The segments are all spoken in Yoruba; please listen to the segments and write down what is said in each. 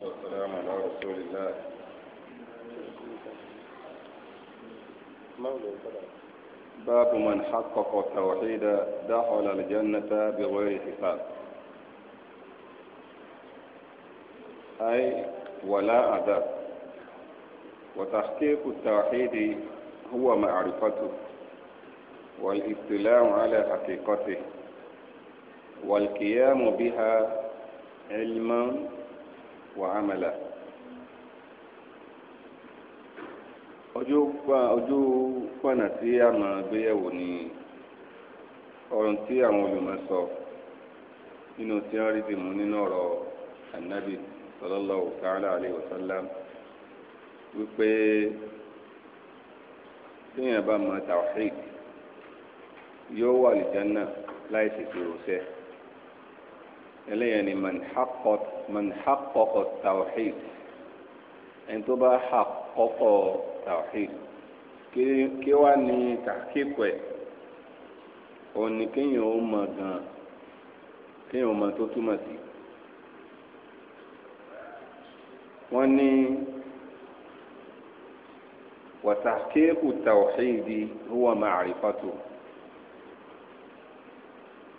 والسلام على رسول الله باب من حقق التوحيد دخل الجنة بغير حساب أي ولا عذاب وتحقيق التوحيد هو معرفته والاطلاع على حقيقته والقيام بها علما وعملا ojú pọ̀nà tí a máa gbéyẹ̀wò ni ọ̀rọ̀ tí àwọn olùmọ̀ sọ nínú tí wọ́n rí dìmú nínú ọ̀rọ̀ ànábì sallallahu ta'ala alayhi wípé téèyàn bá mọ tawhid yóò wà lìjánná láì ṣètò eléyàn ni manhakọkọ tawhid ẹni tó bá hakọkọ tawhid kí wá ní tàkíkọ ẹ òun ni kéèyàn ó mọ gan kéèyàn ó mọ tó túmọ̀ sí wọ́n ní wàtàkíkù tawhidi huwa ma'rifatu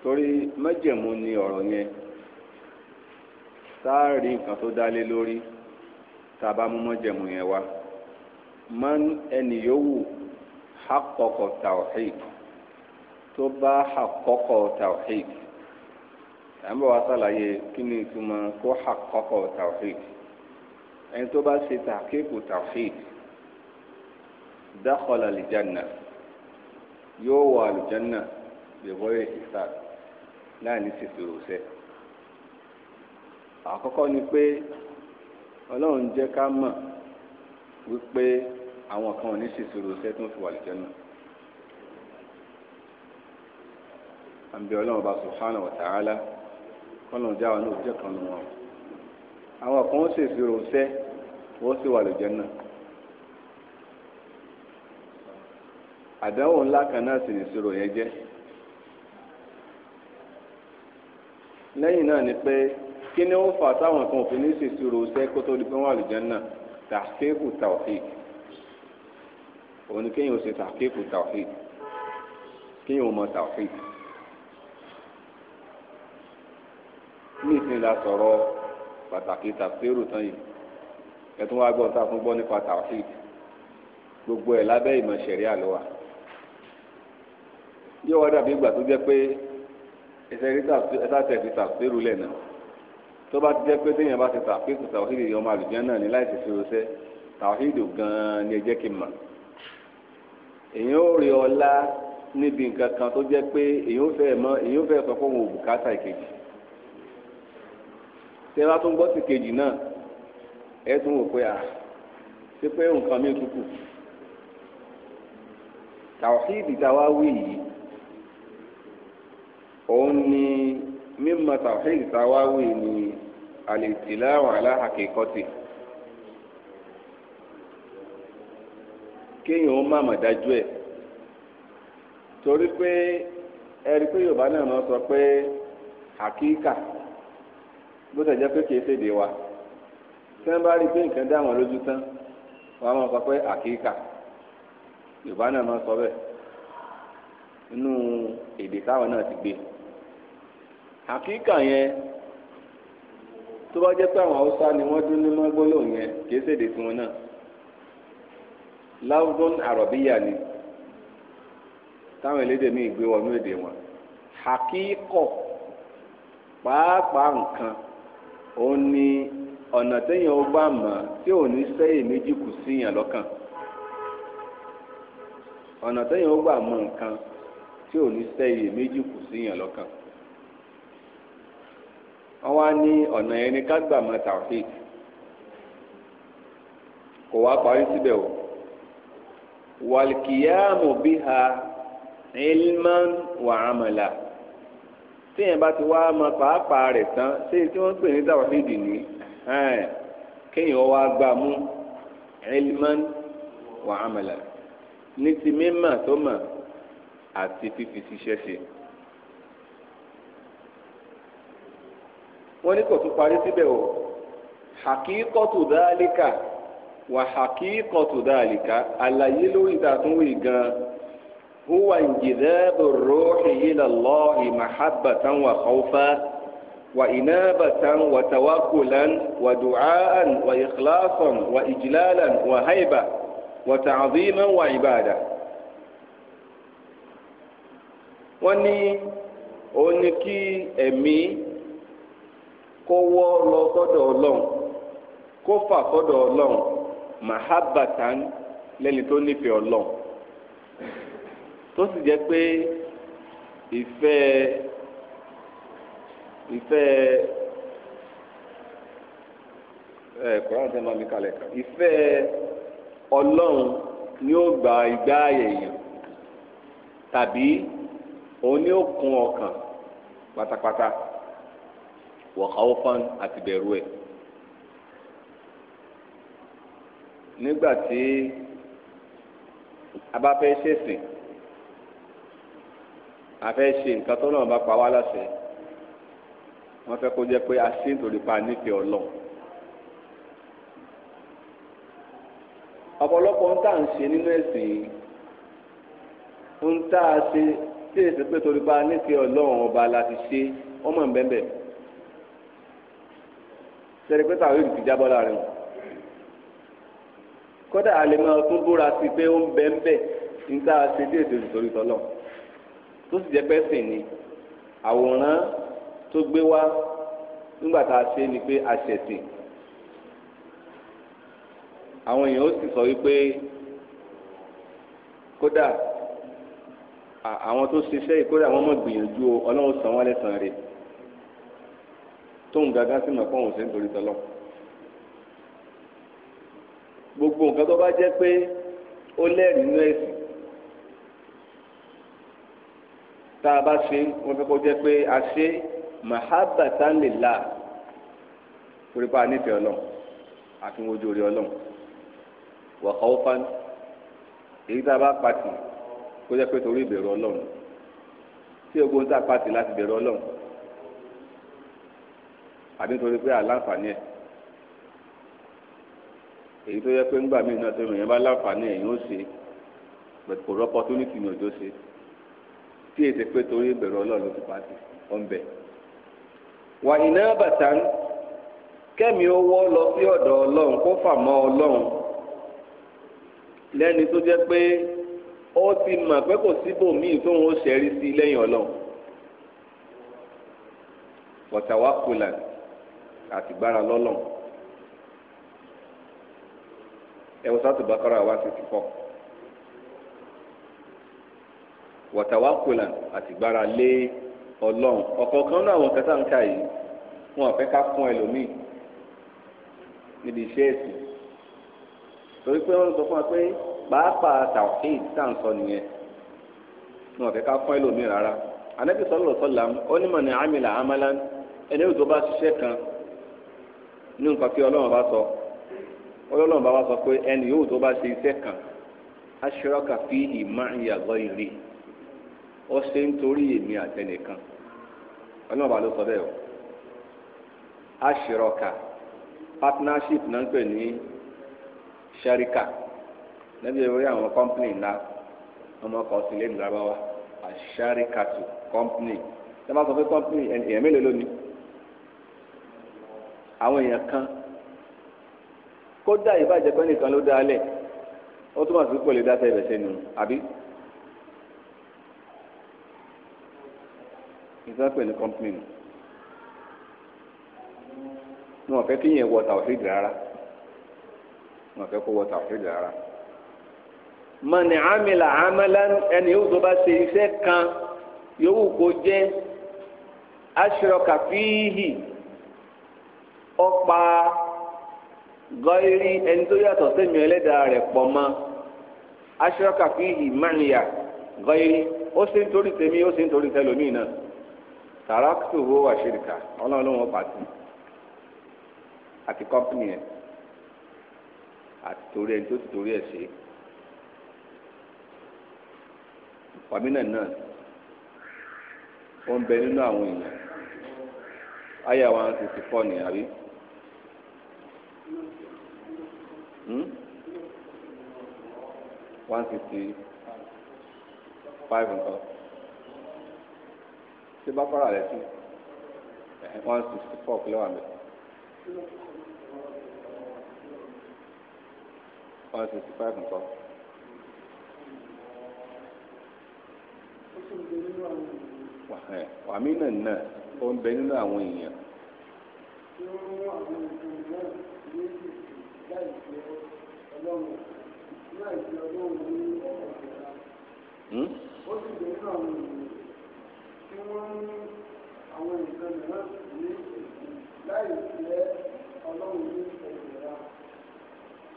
torí májẹ̀mú ni ọ̀rọ̀ yẹn sáàrí nǹkan tó dálé lórí tá a bá mú mọ́jẹ̀mú yẹn wá man ẹnì yòówù hakọkọ tawhid tó bá hakọkọ tawhid à ń bọ̀ wá sàlàyé kí ni ìtumọ̀ kó hakọkọ tawhid ẹni tó bá ṣe tàkéèkù tawhid dakhala aljanna yóò wọ aljanna lè wọ́yẹ̀ ìsà láì ní sísèrò sẹ́ẹ̀. àkọ́kọ́ ni pé ọlọ́run jẹ́ ká mọ̀ wípé àwọn kan ò ní suru iṣẹ́ tó ń fi wà lẹ́jọ́ náà. àǹbí ọlọ́run bá subhanahu wa ta'ala kọ́nà jáwa náà jẹ́ kan nù wọn. àwọn kan ó ṣèṣirò iṣẹ́ wọ́n sì wà lẹ́jọ́ náà. àdánwò ńlá kan náà sì yẹn ni pé. kí ni ó fà táwọn kan òfin ní ṣèṣirò iṣẹ́ kó tó di pé wọ́n àlùjánnà tàkéèkù tàwhíd òun ni kéèyàn ó ṣe tàkéèkù tàwhíd kéèyàn ó mọ tàwhíd. ní ìsìn la sọ̀rọ̀ pàtàkì tàfsírù tán yìí ẹ̀tún wá gbọ́ tá a fún gbọ́ nípa tàwhíd gbogbo ẹ̀ lábẹ́ ìmọ̀ ṣẹ̀ríà ló wà yóò wá dàbí ìgbà tó jẹ́ pé ẹ̀sẹ̀ rí tàfsírù lẹ̀ náà tó bá ti jẹ́ pé téèyàn bá ti tàfíìsì tàwíìdì ọmọ àlùjẹ́ náà ní láì ṣèṣe oṣẹ́ tàwíìdì gan-an ni ẹ jẹ́ kí n mọ̀. èyàn ò rí ọlá níbi nǹkan kan tó jẹ́ pé èyàn ò fẹ́ mọ̀ èyàn ò fẹ́ sọ fún òun òbùkátà ìkejì. tẹ́ bá tún gbọ́ sí kejì náà ẹ tún wò pé à ṣé pé nǹkan mi tún kù. tàwíìdì táwa wí yìí òun ni mímọ tàwíìd táwáwì ni àlètìláwà aláhàkẹ́kọ́tì kéèyàn ó màmọ̀ dájú ẹ̀ torí pé ẹ̀rí pé yorùbá náà máa sọ pé àkíkà bó tẹ̀ jẹ́ pé kìí ṣèdè wa tí wọ́n bá rí pé nǹkan dá wọn lójú tán wọ́n á sọ pé àkíkà yorùbá náà máa sọ bẹ́ẹ̀ nínú èdè táwọn náà ti gbé àkíkà yẹn tó bá jẹ́ pé àwọn haúsá ni wọ́n dún ní mọ́gbólóò yẹn kìí ṣèdè tiwọn náà láwùdún àrọ̀bíyà ni táwọn elédè mi gbé wọnú èdè wọn àkíkọ̀ pàápàá nǹkan òun ni ọ̀nà téèyàn ó bá mọ̀ tí ò ní wọ́n wá ní ọ̀nà yẹn ní kágbàmọ́ tàwíìd kò wá parí síbẹ̀ o wàlkìyàmù bíhà ilman wà àmàlà téèyàn bá ti wá mọ pàápàá rẹ̀ tán ṣé tí wọ́n pè ní tàwíìd ní kéèyàn wá gbà mú ilman wà àmàlà ní ti mímọ̀ tó mọ̀ àti fífi ṣiṣẹ́ ṣe. wọ́n ní kò tún parí síbẹ̀ o hakíkọ́tù dáálíkà wà hakíkọ́tù dáálíkà àlàyé lórí ìdàtúnwò gan huwa injidaabu ruuxi ila allahi maxabatan wa khawfa wa inaabatan wa tawakulan wa ducaan wa ikhlaasan wa ijlaalan wa hayba wa tacdiiman wa cibaada wọ́n ní òun ni kí ẹ̀mí kó wọ́ lọ sọ́dọ̀ ọlọ́run kó fà sọ́dọ̀ ọlọ́run mahabatan lẹ́ni tó nífẹ̀ẹ́ ọlọ́run tó sì jẹ́ pé ìfẹ́ ìfẹ́ ẹ kọ́ńtà máa mi kalẹ̀ ìfẹ́ ọlọ́run ni ó gba ìgbà èèyàn tàbí òun ni ó kún ọkàn pátápátá wọ̀káwọ́fán àti bẹ̀rù ẹ̀. nígbà tí a bá fẹ́ ṣèsìn a fẹ́ ṣe nǹkan tó náà bá pa wá láṣẹ wọ́n fẹ́ kó jẹ́ pé a ṣe nítorí pa nífẹ̀ẹ́ ọlọ́run. ọ̀pọ̀lọpọ̀ ń tà ń ṣe nínú ẹ̀sìn ń tà ṣe tí èsì pé torí pa nífẹ̀ẹ́ ọlọ́run ọba la ṣe ọmọ bẹ́ẹ̀ bẹ́ẹ̀ sẹ́ni pé tàwé ti jábọ́ láàrin wọn. kódà àlèmọ́ tún búra sí pé ó ń bẹ ń bẹ̀ níta ṣe dé ètò ìsòrí tọ́lọ̀ tó sì jẹ́ pẹ́ sìn ni àwòrán tó gbé wá nígbà tá a ṣe ni pé a ṣẹ̀sìn àwọn èèyàn ó sì sọ wípé kódà àwọn tó ṣiṣẹ́ ìkórè àwọn ọmọ gbìyànjú ọlọ́run san wọ́n lẹ́san rẹ̀ tóun gàgá sì mọ̀ pọ́n òun ṣe ń torí tọ́lọ̀ gbogbo nǹkan tó bá jẹ́ pé ó lẹ́rìí inú ẹ̀sìn tá a bá ṣe wọ́n fẹ́ kó jẹ́ pé a ṣe mahabbatan lillah torí pa nífẹ̀ẹ́ ọlọ́run àfi wojú orí ọlọ́run wa khawfan èyí tá a bá pàtì kó jẹ́ pé torí ìbẹ̀rù ọlọ́run tí ogun tá a pàtì láti bẹ̀rù ọlọ́run àbí nítorí pé àláǹfààní ẹ̀ èyí tó yẹ pé ńgbà míì náà tó rìn yẹn bá láǹfààní ẹ̀ yóò ṣe but kò rọ́pọ̀ tó ní tìǹbù òjò ṣe tí èsì pé torí ìbẹ̀rù ọlọ́run ló ti pàṣẹ ọ̀nbẹ. wà iná bàtà kẹ́mi owó lọ sí ọ̀dọ̀ ọlọ́run kó fà mọ́ ọlọ́run lẹ́ni tó jẹ́ pé ó ti mọ̀ pé kò síbòmíì tóun ó ṣẹ́rí sí lẹ́yìn ọlọ́run. wọ̀tàwá kùlàn àti gbára lọ́lọ́ ẹ wọ sátò bàkàrà wá sixty four wọ̀tàwákùlà àti gbára lé ọlọ́run ọ̀kọ̀ọ̀kan náà àwọn kẹta ń ka yìí wọn àfẹ́ ká fún ẹlòmíì níbi iṣẹ́ ẹ̀sìn torí pé wọ́n sọ fún wa pé pàápàá tàwíìd tá à ń sọ nìyẹn wọn àfẹ́ ká fún ẹlòmíì rárá anabi sọlọ sọlá ó ní mọ̀ ní amìlà amalan ẹni tó bá ṣiṣẹ́ kan nínú nǹkan pé ọlọ́run bá sọ ọlọ́run bá wá sọ pé ẹni yóò tó bá ṣe iṣẹ́ kan aṣọ́rọ́kà fi ìmọ̀ ìyàgọ́ ìrì ó ṣe ń torí èmi àtẹnìkan ọlọ́run bá ló sọ bẹ́ẹ̀ o aṣọ́rọ́kà partnership náà ń pè ní sharika níbi orí àwọn company ńlá ọmọ kan sílẹ̀ ìdúrà bá wa tó company tí bá sọ company mélòó àwọn èèyàn kan kódà ìbàjẹ́ pé nìkan ló dálẹ̀ ó túmọ̀ sí pò lè dá sẹ́yìn bẹ̀sẹ̀ nù àbí. ìsọ́pẹ̀ ní kọ́mpìnì nù ní wọ́n fẹ́ kí yẹn wọ tàwọ́sídì rárá wọ́n fẹ́ kó wọ tàwọ́sídì rárá. mọ̀nì àmìlà àmàlà ẹni yóò tó bá ṣe iṣẹ́ kan yòówù kó jẹ́ aṣọ kàfíìhì ọ̀pá gọ́ìrì ẹni tó yàtọ̀ sẹ́mi ẹlẹ́dàá rẹ̀ pọ̀ mọ́ aṣọ́ka fi ìmánìyà gọ́ìrì ó sì ń torí tèmi ó sì ń torí tẹlòmíì náà tàràkìtò wo àṣírìkà ọlọ́run ló wọ́n pàtì àti kọ́pìnì ẹ̀ àti torí ẹni tó ti torí ẹ̀ ṣe wàmínà náà ó ń bẹ nínú àwọn èèyàn ayé àwọn sixty four ni àbí. Hmm? one sixty five nǹkan ṣé bá fara rẹ̀ sí one sixty four kí wà mẹ́ one sixty five nǹkan. wàmí náà náà ó ń bẹ nínú àwọn èèyàn. Hmm?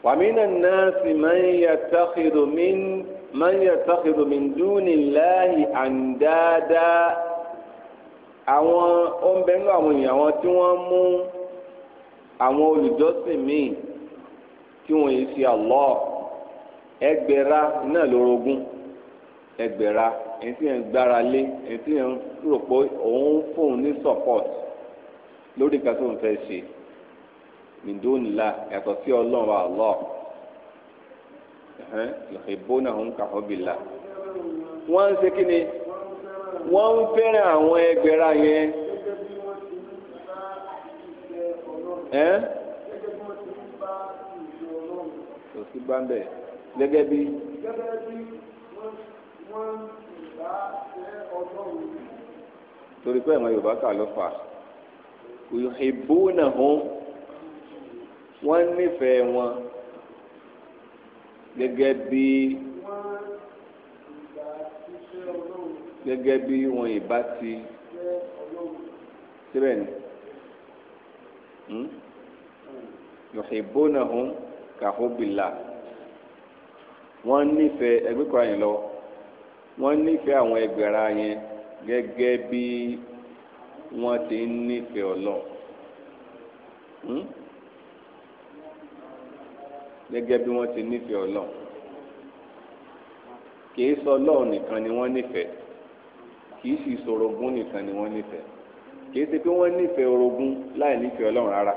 ومن الناس من يتخذ من من يتخذ من دون الله أندادا àwọn ó ń bẹ nínú àwọn èèyàn àwọn tí wọ́n mú àwọn olùjọ́sìn míì tí wọ́n yìí ṣe Allah ẹgbẹ̀ra náà lórogún ẹgbẹ̀ra ẹni tí yẹn ń gbára lé ẹni tí yẹn ń rò pé òun fóun ní support lórí nǹkan tó ń fẹ́ ṣe nìdónìlá yàtọ̀ sí ọlọ́run Allah yuhibbuna hum ka hubbillah wọ́n ń ṣe kí ni wọ́n ń fẹ́ràn àwọn ẹgbẹ̀ra yẹn. ti gbá ń bẹ̀ gẹ́gẹ́ bí. gẹ́gẹ́ bí wọ́n ti bá ṣe ọlọ́run. torí pé àwọn yorùbá kà ló fà yuhibbunahum wọ́n nífẹ̀ẹ́ wọn gẹ́gẹ́ bí gẹ́gẹ́ bí wọn ìbá ti síbẹ̀ ni hmm? Hmm. yuhibbunahum kàhóbìlà wọ́n nífẹ̀ẹ́ ẹgbẹ́ kan yẹn lọ wọ́n nífẹ̀ẹ́ àwọn ẹgbẹ̀ra yẹn gẹ́gẹ́ bí wọ́n ti ń nífẹ̀ẹ́ ọlọ́ hmm? gẹ́gẹ́ bí wọ́n ti nífẹ̀ẹ́ ọlọ́ kìí sọ ọlọ́run nìkan ni wọ́n nífẹ̀ẹ́ kìí sì sọ orogún nìkan ni wọ́n nífẹ̀ẹ́ kìí ṣe pé wọ́n nífẹ̀ẹ́ orogún láì nífẹ̀ẹ́ ọlọ́run rárá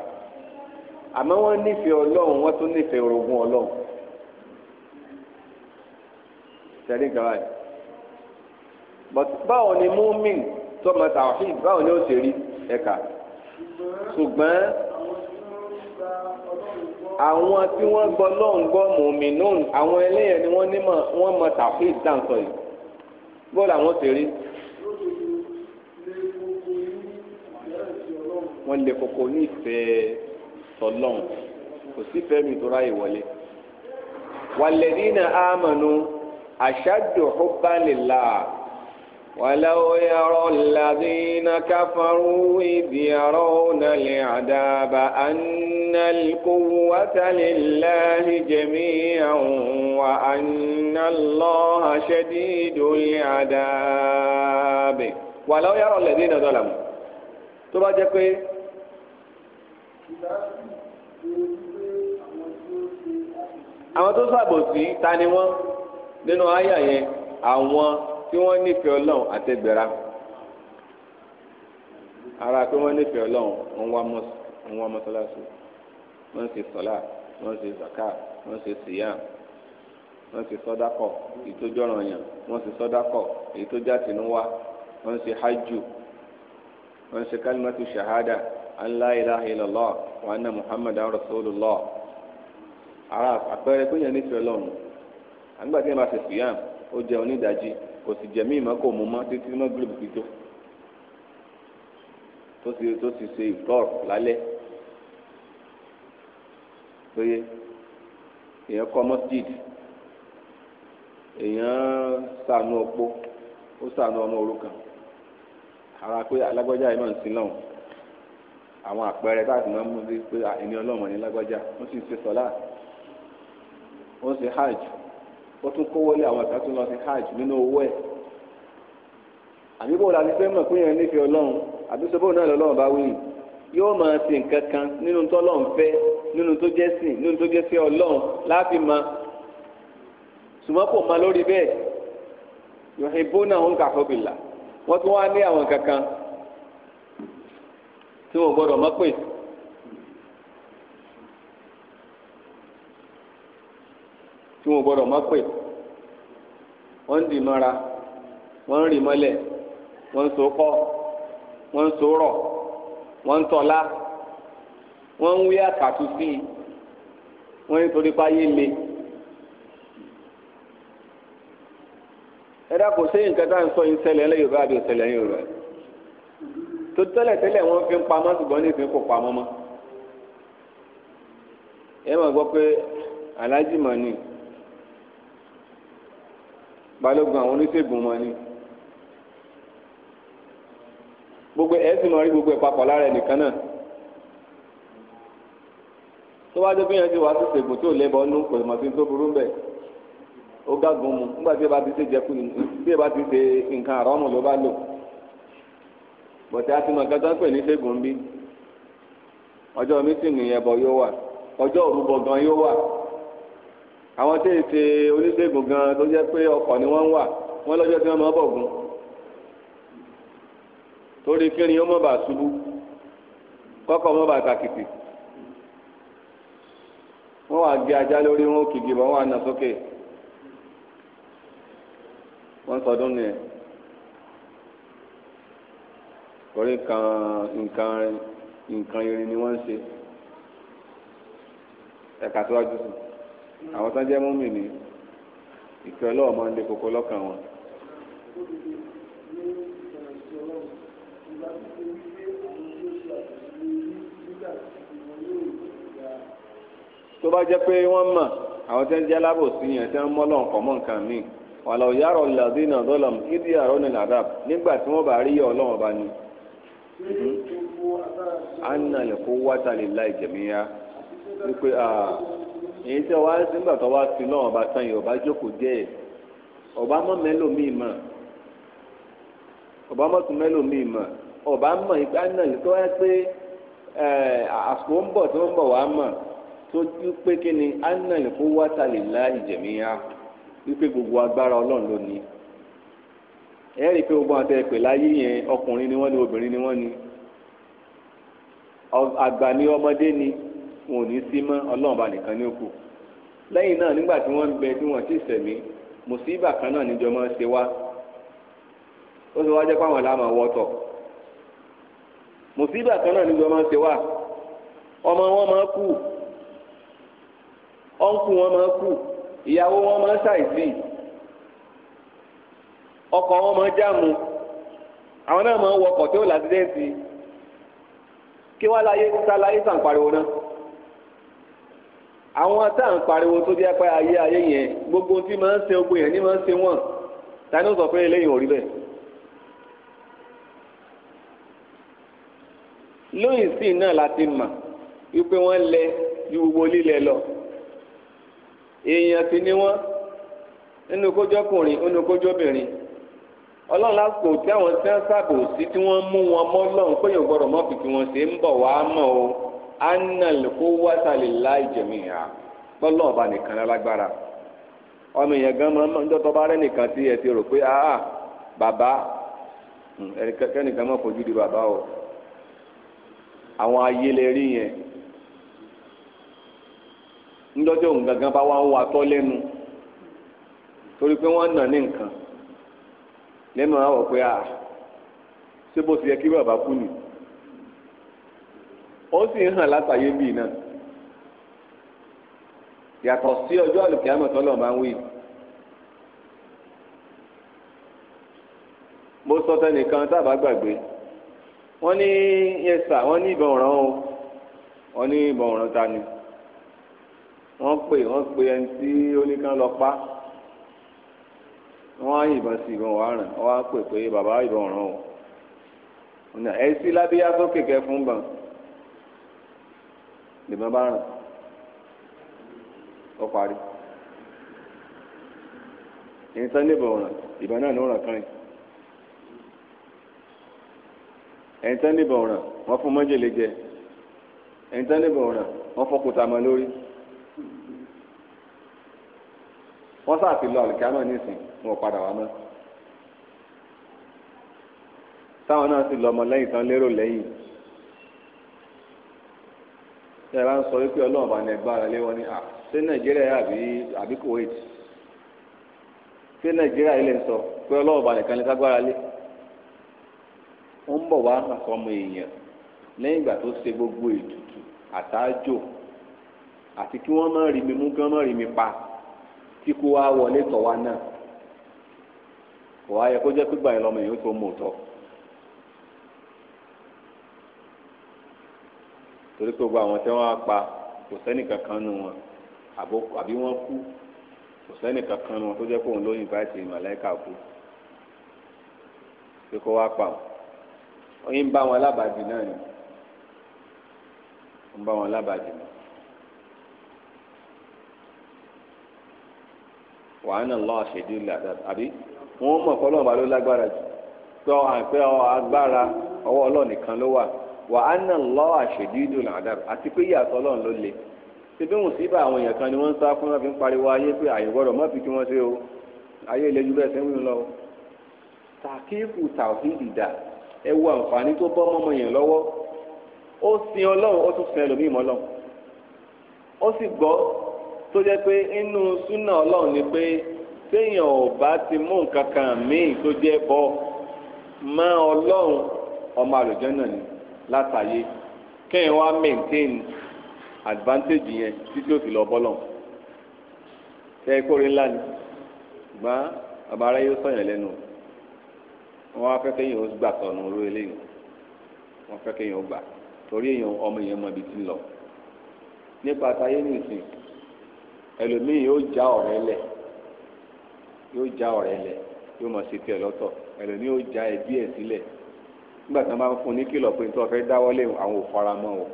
àmọ́ wọ́n nífẹ̀ẹ́ ọlọ́run wọ́n tún nífẹ̀ẹ́ orogún ọlọ́run sẹ́ni gàrà yìí but báwo ni múmin tọmọ tàwáhìn báwo ni ó ṣe rí ẹ̀ka ṣùgbọ́n àwọn tí wọ́n gbọ́ lọ́hùn gbọ́ mùmí nùn àwọn ẹlẹ́yẹn ni wọ́n ní wọ́n mọ tàwáhìn dáǹsọ̀ yìí bọ́ọ̀lù àwọn ṣe rí. wọ́n lè koko ní ìfẹ́ tọlọ́hún kò sí fẹ́mi tó ráyè wọlé. wàlẹ́dínà àmọ̀nù àṣàdù ọ̀bánilá wàláwó yàrá làdínà káfàrú ìdí yàrá ọ̀nà lè àdàbà ànàlkówó wàtàlẹ̀ láàyè jẹ̀mí àwọn wà ànàlọ́ àṣẹ́dídò lè àdàbẹ̀ wàláwó làdínà dọ́là mu tó bá jẹ́ pé. àwọn tó ṣàbòsí ta ni wọ́n nínú àyà yẹn àwọn tí wọ́n nífẹ̀ẹ́ ọlọ́run àtẹ̀gbẹ̀ra ara pé wọ́n nífẹ̀ẹ́ ọlọ́run wọ́n wá mọ́sálásí wọ́n ń ṣe sọ́lá wọ́n ń ṣe zaka wọ́n ń ṣe síyàm wọ́n ń ṣe sọ́dákọ̀ èyí tó jọ̀ràn yàn wọ́n ń ṣe èyí tó jàtìnúwá wọ́n ń ṣe hajj wọ́n ń ṣe kálímátù shahada an la ilaha illallah wa ara àpẹẹrẹ pé yẹn nífẹ̀ẹ́ Ọlọ́run àgbà tí yẹn bá ṣe fìyàm ó jẹun ní ìdajì kò sì jẹ míì mọ́ kò mú mọ́ títí mọ́ gílùbù fi tó tó ti tó ti ṣe ìtọ́rọ̀ lálẹ́ pé èèyàn kọ́ mọ́sídìdì èèyàn ṣàánú opó ó ṣàánú ọmọ òrukàn ara pé alágbájá yìí máa ń sin lọ́hùn àwọn àpẹẹrẹ táàtì máa ń mú bí pé ènìyàn ọlọ́mọ ní lágbájá wọ́n sì ń ṣe sọ́lá ó ṣe hajj ó tún kówó lé àwọn àgbà tó lọ sí hajj nínú owó ẹ̀ àbí bó la ti fẹ́ mọ̀ pé yẹn nífẹ̀ẹ́ ọlọ́run àbí sọ bóun náà lọ́lọ́run bá wí yóò máa ṣe nǹkan kan nínú tọ́lọ́run fẹ́ nínú tó jẹ́ sìn nínú tó jẹ́ sí ọlọ́run láàfin ma ṣùgbọ́n kò ma lórí bẹ́ẹ̀ yòóhìn bó náà ń kà fọ́bìlà wọ́n tún wá ní àwọn kankan tí wọ́n gbọ́dọ̀ mọ́ pèsè. tí wọn gbọ́dọ̀ má pè wọn ń dì wọn wọ́n ń rì mọ́lẹ̀ wọn so kọ́ wọn ń so rọ̀ wọ́n ń tọ́lá wọ́n ń wí àkàtú sí i wọ́n ń torí páyé le. ẹ dákun ṣé nǹkan tá à ń sọ yín Yorùbá àbí yín tó fi ń ní ni. balógun àwọn oníṣègùn mọ ni gbogbo ẹ sì mọ rí gbogbo ẹ papọ̀ lára ẹnìkan náà tó bá dé bí yẹn ti wá sí ṣègùn tó lẹ́bọ̀ nú pẹ̀lú màsí tó burú bẹ́ẹ̀ ó gágun mu nígbà tí ẹ bá ti ṣe ẹ bá ti ṣe nǹkan àrọ́mù ló bá lò bọ̀tẹ́ bí ọjọ́ yóò wà ọjọ́ gan wà. àwọn tí ètè oníṣègùn gan tó jẹ́ pé ọkọ̀ ni wọ́n ń wà wọ́n lọ́jọ́ tí wọ́n máa bọ̀gùn torí kí ni ó mọ̀ bá ṣubú kọ́kọ́ mọ̀ bá tàkìtì wọ́n wà gé ajá lórí wọn ó kìkì bọ́ wọ́n á nà sókè wọ́n sọdún nìyẹn torí nǹkan nǹkan nǹkan irin ni wọ́n ń ṣe ẹ̀ka tó wájú sùn àwọn tó ń jẹ́ mọ́mì ni ìfẹ́ ọlọ́wọ́ máa ń lé koko lọ́kàn wọn. tó bá jẹ́ pé wọ́n mọ̀ àwọn tó ń jẹ́ alábòsí yẹn tó ń mọ́ lọ́n kọ́ mọ́ nǹkan míì wàlọ́ yàrá ọ̀làdé náà dọ́làm kídí àrọ́ ní làdáp nígbà tí wọ́n bá rí yẹ ọlọ́wọ́n bá ní. anna lè kó wátà lè láì jẹ̀míyá wípé èyí tí ọwọ́ nígbà tó wá sí náà ọba tán yìí ọba jókòó jẹ́ ẹ̀ ọba mọ̀ mẹ́lòmíì mọ̀ ọba mọ̀ tún mẹ́lòmíì mọ̀ ọba mọ̀ ìgbà náà tó wáyé pé àsìkò ń bọ̀ tí wọ́n ń bọ̀ wá mọ̀ tó tí pé kí ni anna lè kó wá ta lè la ìjẹ̀míyà wípé gbogbo agbára ọlọ́run ló ní ẹ rí i pé gbogbo àti ẹ̀pẹ̀ láyé yẹn ọkùnrin ni wọ́n ní obìnrin ni wọ́n ní àgbà ni ọmọdé ni wọn ò ní sí mọ́ ọlọ́run nìkan ní òkú lẹ́yìn náà nígbà tí wọ́n ń tí wọ́n ti sẹ̀mí mùsíbà kan náà níjọ máa ń ṣe wá ó sì wá jẹ́ pàwọn kan náà níjọ máa ṣe wá ọmọ wọn máa kú ọ̀nkù wọn máa kú ìyàwó wọn wọn máa jáàmù àwọn náà máa wọkọ̀ tí ó kí wọ́n láyé sá sàǹpariwo náà. àwọn tá à ń pariwo tó jẹ́ pé ayé ayé yẹn gbogbo tí máa ń ṣe ogun yẹn ní máa ń ṣe wọ́n ta ni ó sọ pé eléyìí ò rí bẹ́ẹ̀. lóyìn sí náà láti mà wípé wọ́n lẹ ju gbogbo lílẹ̀ lọ èèyàn sì ni wọ́n nínú kójọ́kùnrin nínú kójọ́bìnrin ọlọ́run lásìkò tí àwọn tí wọ́n sábò sí tí wọ́n mú wọn mọ́ lọ́run pé yóò gbọ́dọ̀ mọ́ fìfì wọn ṣe ń bọ̀ wá mọ́ o annalquwwata lillahi jami'a lọ́lọ́ ọba nìkan lálágbára ọmọ èèyàn gan máa ń dọ́tọ́ bá rẹ́ nìkan tí ẹ ti rò pé ah bàbá hmm, ẹnìkan máa fojú di bàbá o àwọn ayé lè rí yẹn ńdọ́jọ́ òun gangan bá wá ń wa tọ́ lẹ́nu torí pé wọ́n nà ní nǹkan lẹ́nu àwọn pé ah ṣé bó ti yẹ kí bàbá kú nìyí ó sì ń hàn látàyè bíi náà yàtọ̀ sí ọjọ́ àlùkìyàmọ̀ tọ́lọ̀ máa ń wí. mo sọ tẹnìkan tábà gbàgbé wọ́n ní yẹsà wọ́n ní ìbọn ọ̀ràn o wọ́n ní ìbọn ọ̀ràn ta ni wọ́n pè wọ́n pè ẹni tí oníkan lọ pa wọ́n á yìnbọn sí ìbọn wàá ràn wọ́n á pè pé bàbá ìbọn ọ̀ràn o ẹ sí lábíyá sókè kẹ bàn lèmi bá rìn ó parí ìrìnsẹ́ níbọ̀ ọ̀ràn ìbọn náà ní ọ̀ràn kan yìí ẹ̀ńtẹ́ níbọ̀ ọ̀ràn wọ́n fún mọ́jèlé jẹ ẹ̀ńtẹ́ níbọ̀ ọ̀ràn wọ́n fọkùtà mọ́ lórí wọ́n sàti lọ àlùkìyámọ̀ nísìn wọn padà wá mọ́ táwọn náà sì lọ ọmọ lẹ́yìn tán lérò lẹ́yìn. tẹ ẹ bá ń sọ wípé ọlọ́run bá ní ẹgbára lé wọn ní à ṣé nàìjíríà àbí àbí kuwait ṣé nàìjíríà ilé sọ pé ọlọ́run bá nìkan lé ń bọ̀ wá àkọ́ ọmọ èèyàn lẹ́yìn ìgbà tó ṣe gbogbo ètùtù àtàjò àti kí wọ́n má rí mi mú kí wọ́n pa tí kó wá wọlé tọ̀ wá náà kò wá yẹ kó jẹ́ pé torí pé gbogbo àwọn tí wọ́n á pa kò sẹ́nìkan kan nù wọn àbí wọ́n kú kò sẹ́nìkan kan nù wọn tó jẹ́ pé òun ló invite màláìka kú pé kó wá pa wọn oyin ń bá wọn alábàájì náà ni ń bá wọn alábàájì náà. wàhánà lọ́wọ́ ṣèdí àdáta àbí wọ́n mọ̀ kọ́ lọ́wọ́ bá ló lágbára jù pé ọ ọ agbára ọwọ́ Ọlọ́run ló wà wà á nà lọ́ àṣèdídò làdàbà àti pé yàtọ̀ ọlọ́run ló le ṣebí mùsíbà àwọn èèyàn kan ni wọ́n ń sá fún wọn fi ń pariwo ayé pé àyèwọ́rọ̀ mọ́ fi kí wọ́n ṣe o ayé ilé ju bẹ́ẹ̀ sẹ́wìn lọ. tàkífù tàwíìdì dà ẹ wo àǹfààní tó bọ́ mọ́mọ yẹn lọ́wọ́ ó sin ọlọ́run ó tún sin ẹlòmíì mọ́ lọ́run ó sì gbọ́ tó jẹ́ pé inú súnà ọlọ́run ni pé téèyàn ò bá ti mú nǹkan kan míì tó jẹ́ bọ́ mọ́ ọlọ́run ọmọ àlùjọ náà ni látàyè kẹ́yìn wá maintain advantage yẹn títí ó fi lọ bọ́lọ̀ ṣe é kórè ńlá ni ṣùgbọ́n àbára yóò sọ̀yàn lẹ́nu wọ́n á fẹ́ kéèyàn ó gbà sọ̀nù oró eléyìí wọ́n fẹ́ kéèyàn ó gbà torí èèyàn ọmọ èèyàn mọ ibi tí ń lọ nípa àtàyè nìsín ẹlòmíì yóò já ọ̀rẹ́ lẹ̀ yóò já ọ̀rẹ́ lẹ̀ yóò mọ̀ sí tiẹ̀ lọ́tọ̀ ẹlòmíì yóò já ẹbí ẹ̀ sílẹ̀ nígbà tí wọ́n bá ń fún un ní kìlọ̀ pé tó fẹ́ dáwọ́lé àwọn ò fara mọ́ o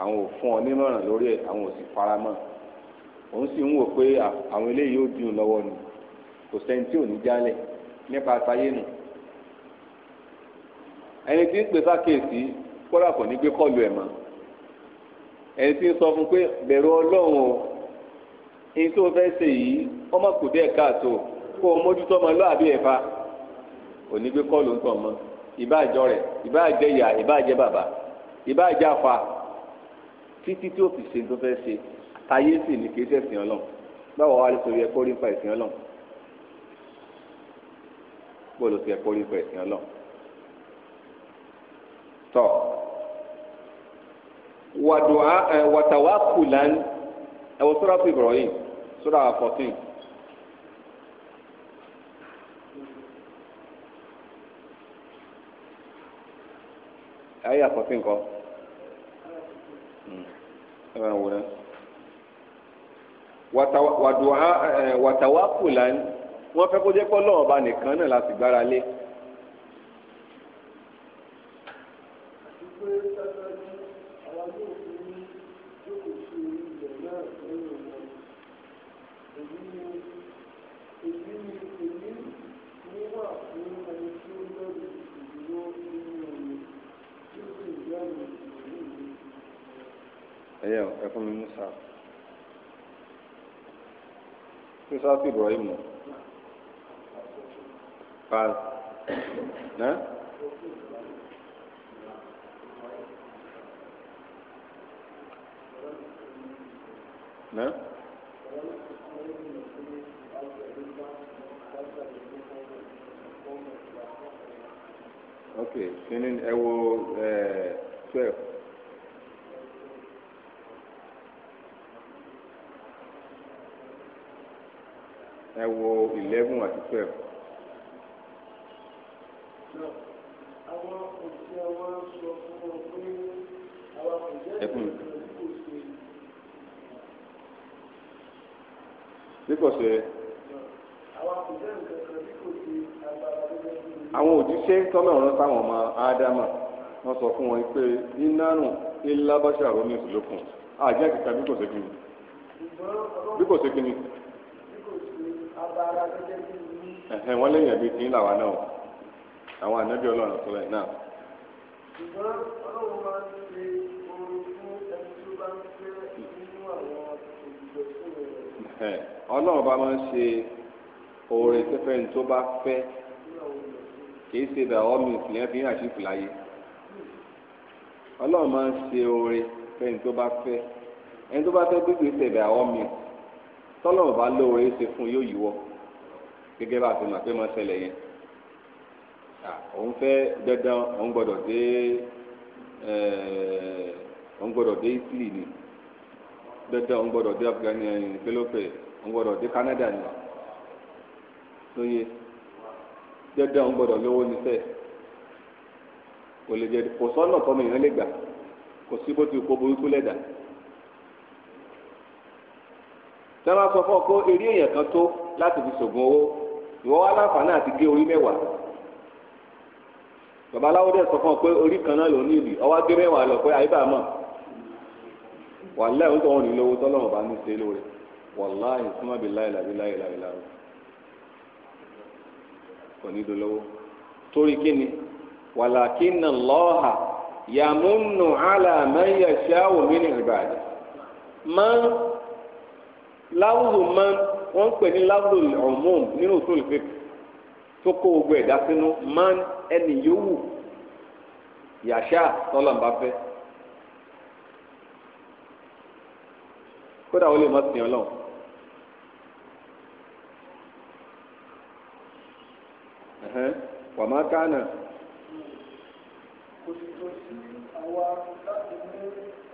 àwọn ò fún ọ nímọ̀ràn lórí ẹ̀ àwọn ò sì fara mọ́ òun sì ń wò pé àwọn eléyìí ó dùn lọ́wọ́ ni kò sẹ́ni tí ò ní jálẹ̀ nípa àtayé nù ẹni tí ń pè sákèsí kódà kò ní gbé kọlu ẹ̀ mọ́ ẹni tí ń sọ fún pé bẹ̀rù ọlọ́run o ẹni tó fẹ́ ṣe yìí ọmọ kò dé kó o mójútó ọmọ lọ́àbí ẹ̀fà òní gbé kọlu ń tọ̀ mọ́ ìbáàjọ rẹ̀ ìbáàjẹ ìyá ìbáàjẹ bàbá ìbáàjẹ afa títí tí ó fi ṣe tó fẹ́ ṣe táyé sì ní kí ẹsẹ̀ sìn ọlọ́run báwo wá lóṣù yẹ kó rí nípa ìsìn ọlọ́run bó lóṣù yẹ kó rí nípa ìsìn ọlọ́run tọ́ wàtàwákùlán ẹ̀wọ̀n sọ́ra fún Ibrahim sọ́ra fourteen. ayé àkọsí nǹkan hmm. ẹ máa wòran wàtàwákùlà wọ́n fẹ́ kó jẹ́ pọ́ lọ́wọ́ ọba nìkan náà láti gbára lé. sàn ṣé sáfì ibrahim nù pàl ná. ná. ok kí ni ẹ wo twelve. ẹ eleven àti twelve. àwọn òṣìṣẹ́ wa sọ fún wọn pé àwa kò jẹ́ ìgbà tí bí kò ṣe. àwọn òjíṣẹ́ tọ́lọ́run táwọn ọmọ ádámà wọ́n sọ fún wọn pé nínárùn ilá bá ṣàròmí ìsìlókun àjẹ́ kìkà bí kò ṣe kí ni bí kò ṣe kí ni ẹ̀hẹ́n wọ́n lẹ́yìn ẹ̀bí tí ń làwa náà àwọn ànábì ọlọ́run sọ bẹ́ẹ̀ náà. ṣùgbọ́n ọlọ́run máa ń ṣe oorun fún ẹni tó bá ń fẹ́ nínú àwọn olùdókòwò rẹ̀. ọlọ́run bá máa ń ṣe oore tẹ́fẹ́ ní tó bá fẹ́ kìí ṣe bẹ̀ ọ́ mi ìpìlẹ̀ fi ń àṣìkò láyé máa ń ṣe oore fẹ́ni tó bá fẹ́ ẹni tó bá fẹ́ gbígbé ṣe bẹ̀ ọ́ mi tọ́lọ̀ ọba lóore ṣe fún yóò yíwọ́ gẹ́gẹ́ bá a ti mọ̀ pé mo ṣẹlẹ̀ yẹn òun fẹ́ dandan òun gbọ́dọ̀ dé òun gbọ́dọ̀ dé ni dandan òun gbọ́dọ̀ dé Afghanistan ní pélópè òun gbọ́dọ̀ dé Canada ni lóye dandan òun gbọ́dọ̀ lówó kò lè jẹ kò sọ́nà tọ́mọ kò tí sọ fún ọ eré èèyàn kan tó láti fi ṣògùn owó ìwọ wá láǹfààní àti gé orí mẹ́wàá babaláwo dẹ̀ sọ fún ọ pé orí kan náà ló ní ìlú ọwọ́ gé mẹ́wàá lọ pé àyíbá mọ̀ wàláì ń tọ́ òrìn lówó tọ́lọ́mọ̀ bá ní ṣe lóore wàláì súnmọ́bi láìláì láìláì láìláì kò ní torí lọ́ọ̀hà láwùrù máa wọ́n ń pè ní láwùrù ọ̀mùn nínú òtún ìfẹ́ tó kó gbogbo ẹ̀dá sínú máa ẹnì yòówù yàṣà tọ́lọ̀ ń bá fẹ́. kódà ó lè mọ sí ọlọ́run. wàmá kánà. kò sì tó sí àwa láti mú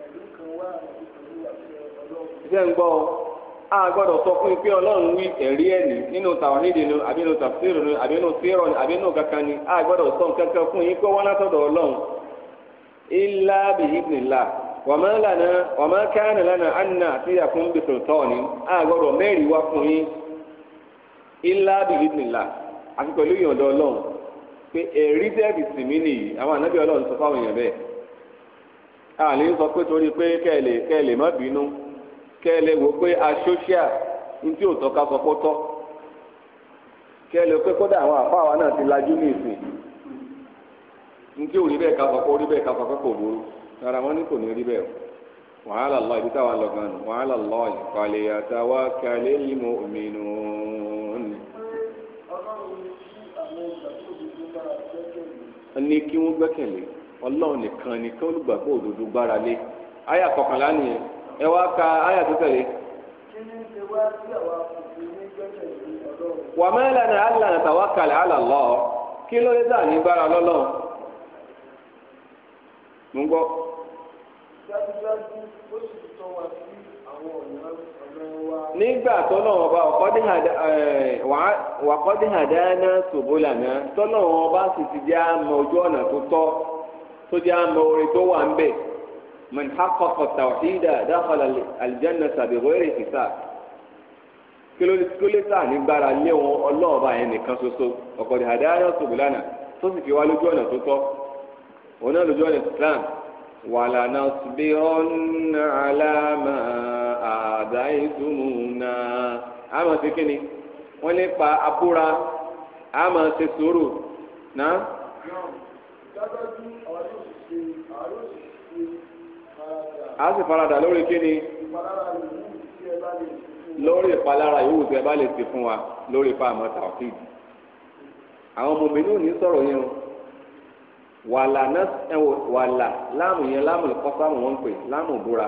ẹ̀rí kan wá àti pẹ̀lú àti ọlọ́run. iṣẹ́ ń gbọ́ ọ. a gbọdọ sọ fún pé Ọlọ́run wí ẹ̀rí ẹ̀ nínú tàwáhídì nu àbí tàfsírù nu sírọ ni a gbọdọ sọ kankan fún yín pé wọn látọ̀dọ̀ Ọlọ́run ilá bìhìbìlá wàmọ lànà wàmọ káàní lànà àná àti àkún bìtòtọọni a gbọdọ mẹ́rin wá fún yín ilá bìhìbìlá àti pẹ̀lú ìyọ̀dọ̀ Ọlọ́run pé ẹ̀rí dẹ́ẹ̀bì sì nìyí àwọn ànábì Ọlọ́run sọ fáwọn èèyàn bẹ́ẹ̀ àlè ń sọ kẹ́lẹ̀ wò pé Asosia ní tí tọ́ka sọ pé tọ́ pé kódà àwọn náà ti lajú ní ìsìn ní tí ò ká sọ rí ká kò burú rárá wọn ní kò ní rí wàhálà lọ ibi táwa lọ gan nù wàhálà lọ àtàwà yìí omi nù ọlọ́run ni kí òdodo gbára lé ẹ wá ka àyà tó tẹ̀lé. wà ma lana alla natawakkal ala Allah kí ló dé sáà ní bára lọ́lọ́ mo ń gbọ́. nígbà tọ́lọ́wọ́n ọba wàkọ́dé eh, hadana subulana tọ́lọ́wọ́n ọba sì ti jẹ́ àmọ́ ojú ọ̀nà tó tọ́ tó jẹ́ àmọ́ orin tó wà ń bẹ̀. من حقق التوحيد دخل الجنة بغير حساب kílódé sáà nígbára lé wọn ọlọ́ọ̀bá yẹn nìkan ṣoṣo ọ̀pọ̀dé àdáyà ṣùgbọ́nà tó sì fi wá lójú ọ̀nà tó tọ́ òun náà lójú ọ̀nà Islam wala nasbironna ala ma adaitumuna àmọ̀ sí kínni wọ́n lè pa abúra àmọ̀ ṣe sùúrù náà. dájú àwọn yóò a sì faradà lórí kíni lórí ìpalára yòówù tí ẹ bá lè ti fún wa lórí ipa àmọ́ tàwọ́fíìd àwọn ọmọ mi ní òní sọ̀rọ̀ yẹn o wàlà náà ẹ wàlà láàmù yẹn láàmù kọ́sáàmù wọn pè láàmù búra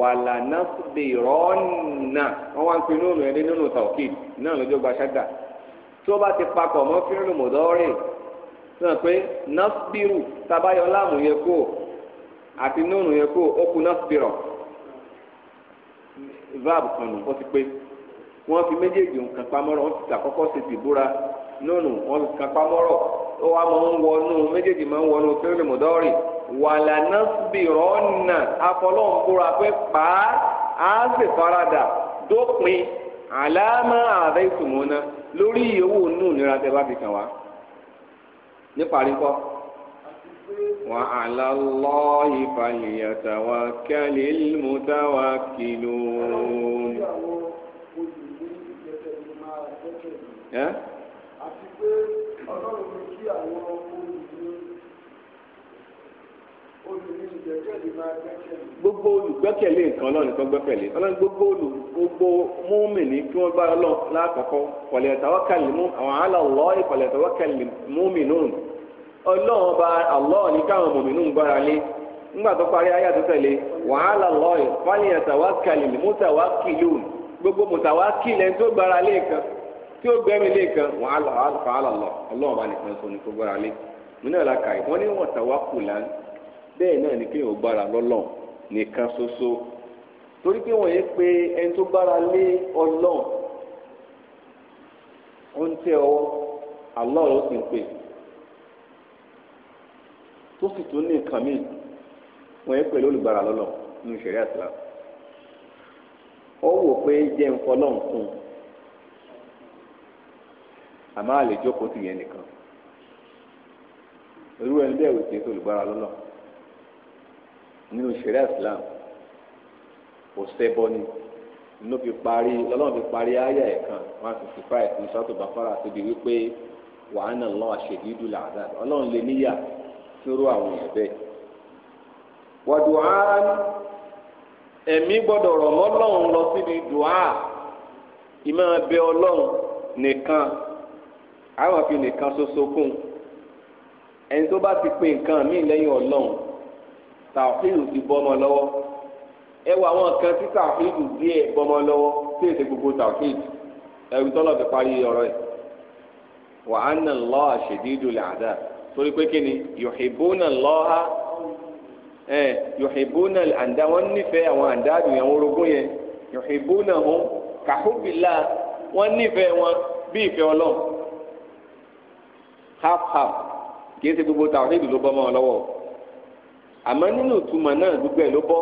wàlà náà bè rọ́ọ̀nà wọ́n wá ń pin nínú ẹni nínú tàwọ́fíìd náà lójó gba ṣágà tó bá ti papọ̀ mọ́ fírìmù dọ́rìn náà pé nọ́ọ̀sì bírù tabayọ̀ láàmù yẹn kó àti nùnù yẹn kó ó kú nasbira verb kan nù ó ti pé wọ́n fi méjèèjì nǹkan pamọ́rọ̀ wọ́n ti sàkọ́kọ́ ṣe tìbúra nùnù wọ́n fi kan pamọ́rọ̀ ó wá máa ń wọnú méjèèjì máa ń wọnú fẹ́rẹ́ mọ̀dọ́rì wàlà nasbira nà afọlọ́ǹkúra pé pa á sì faradà dópin àlámà àdé lórí ìyẹ̀wò nù nira tẹ́ bá fi kàn wá níparí kọ́. وعلى الله فليتوكل المتوكلون gbogbo olùgbẹ́kẹ̀lé nǹkan Ọlọ́run nìkan gbẹ́kẹ̀lé Ọlọ́run gbogbo olù gbogbo mùmínì kí wọ́n bá Ọlọ́run lákọ̀ọ́kọ́ pọ̀lẹ̀tàwọ́kẹ̀lì mú àwọn àlọ́ lọ́ọ́ ìpọ̀lẹ̀tàwọ́kẹ̀lì mùmínùn ọlọ́run ọba Allah ní káwọn mòmínú ń gbára lé tó parí ayé àtúntẹ̀lé wàhálà lọ́ọ̀yì fáyìn gbogbo tó gbára lé kan tí ó gbẹ́mi lé kan wàhálà fàhálà lọ ọlọ́run ọba nìkan sọ ní gbára lé ní wọ́n bẹ́ẹ̀ náà ni kéèyàn gbára lọ́lọ́run nìkan ṣoṣo torí pé wọ́n yẹ pé ẹni tó gbára ó ń tó sì tún ní nǹkan míì wọ́n yẹ pẹ̀lú olùgbàrà lọ́lọ́ nínú ìṣẹ̀rí àtìlá ó wò pé jẹ́ nǹkan náà ń kún àmọ́ àlè jókòó tì yẹn nìkan irú ẹni bẹ́ẹ̀ wò jẹ́ olùgbàrà lọ́lọ́ nínú ìṣẹ̀rí àtìlá kò sẹ́bọ ni inú fi parí lọ́lọ́run fi parí ayé ẹ̀ kan one fifty five ní sọ́tò bàfárà síbi wípé wàhánà lọ́wọ́ àṣèdídù làdá ọlọ́run lè níyà fúru àwọn èèyàn bẹ́ẹ̀. wàdùá ẹ̀mí gbọ́dọ̀ rọ̀ mọ́lọ́run lọ síbi dùá ìmọ̀ abẹ ọlọ́run nìkan àwọn fi nìkan ṣoṣo kún ẹni tó bá ti pe nǹkan míì lẹ́yìn ọlọ́run tàfíìlù ti bọ́mọ lọ́wọ́ ẹ wọ àwọn kan tí tàfíìlù díẹ̀ bọ́mọ lọ́wọ́ tí èsè gbogbo tàfíìlù ẹ̀rù tọ́lọ̀ ti parí ọ̀rọ̀ ẹ̀ wà á nà lọ́ọ̀ torí pé kíni yuhibbuna Allaha ẹ yuhibbuna àǹdá wọn nífẹ̀ẹ́ àwọn àǹdá àdùnyàn orogún yẹn yuhibbuna hum ka hubbillah wọn nífẹ̀ẹ́ wọn bí ìfẹ́ Ọlọ́run half half kìí ṣe gbogbo tàwíìdì ló bọ́ mọ́ ọ lọ́wọ́ àmọ́ nínú ìtumọ̀ náà gbogbo ẹ̀ ló bọ́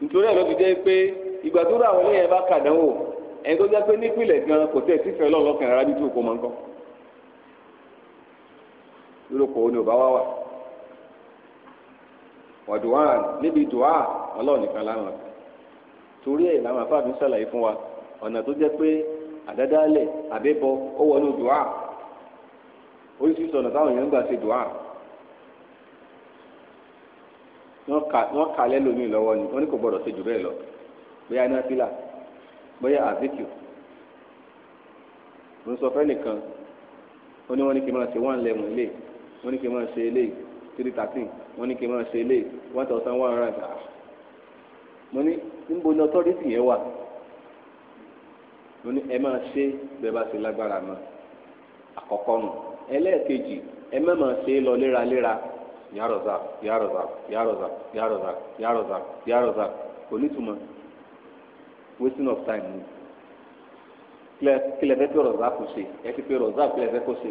nítorí ẹ̀ ló fi jẹ́ pé ìgbà tó rà wọlé yẹn bá kàdánwò ẹni tó jẹ́ pé nípìnlẹ̀ gan kò tẹ̀ sífẹ̀ẹ́ lọ́lọ́kàn rárá bí tí òkú máa ń kọ́. lórí okòwò o ò bá wá wà wàdùwà níbi dùwà ọlọ́run nìkan láwọn torí ẹ̀ làwọn afáàbí ń ṣàlàyé fún wa ọ̀nà tó jẹ́ pé àdádálẹ̀ àbẹ́bọ ó wọnú dùwà oríṣiríṣi ọ̀nà táwọn èèyàn ń gbà ṣe dùwà wọ́n kà lẹ́lòmíì lọ́wọ́ ni wọ́n ní kò gbọ́dọ̀ ṣe jù bẹ́ẹ̀ lọ bóyá iná fílà bóyá àzíkù mo ń sọ fẹ́ nìkan ó ní wọ́n ní kí n wọ́n ní kí n máa ṣe eléyìí three thirteen wọ́n ní kí n máa ṣe eléyìí one thousand one hundred ah mo ní níbo ni authority yẹn wà mo ní ẹ máa ṣe bẹ́ẹ̀ bá ṣe lágbára mọ́ àkọ́kọ́ nù ẹlẹ́ẹ̀kejì ẹ má máa ṣe lọ léraléra yàrọ̀zà yàrọ̀zà yàrọ̀zà yàrọ̀zà yàrọ̀zà yàrọ̀zà kò ní túmọ̀ wasting of time ni kílẹ̀ fẹ́ pé rọ̀zà kò ṣe ẹ ti pé rọ̀zà kílẹ̀ fẹ́ kó ṣe.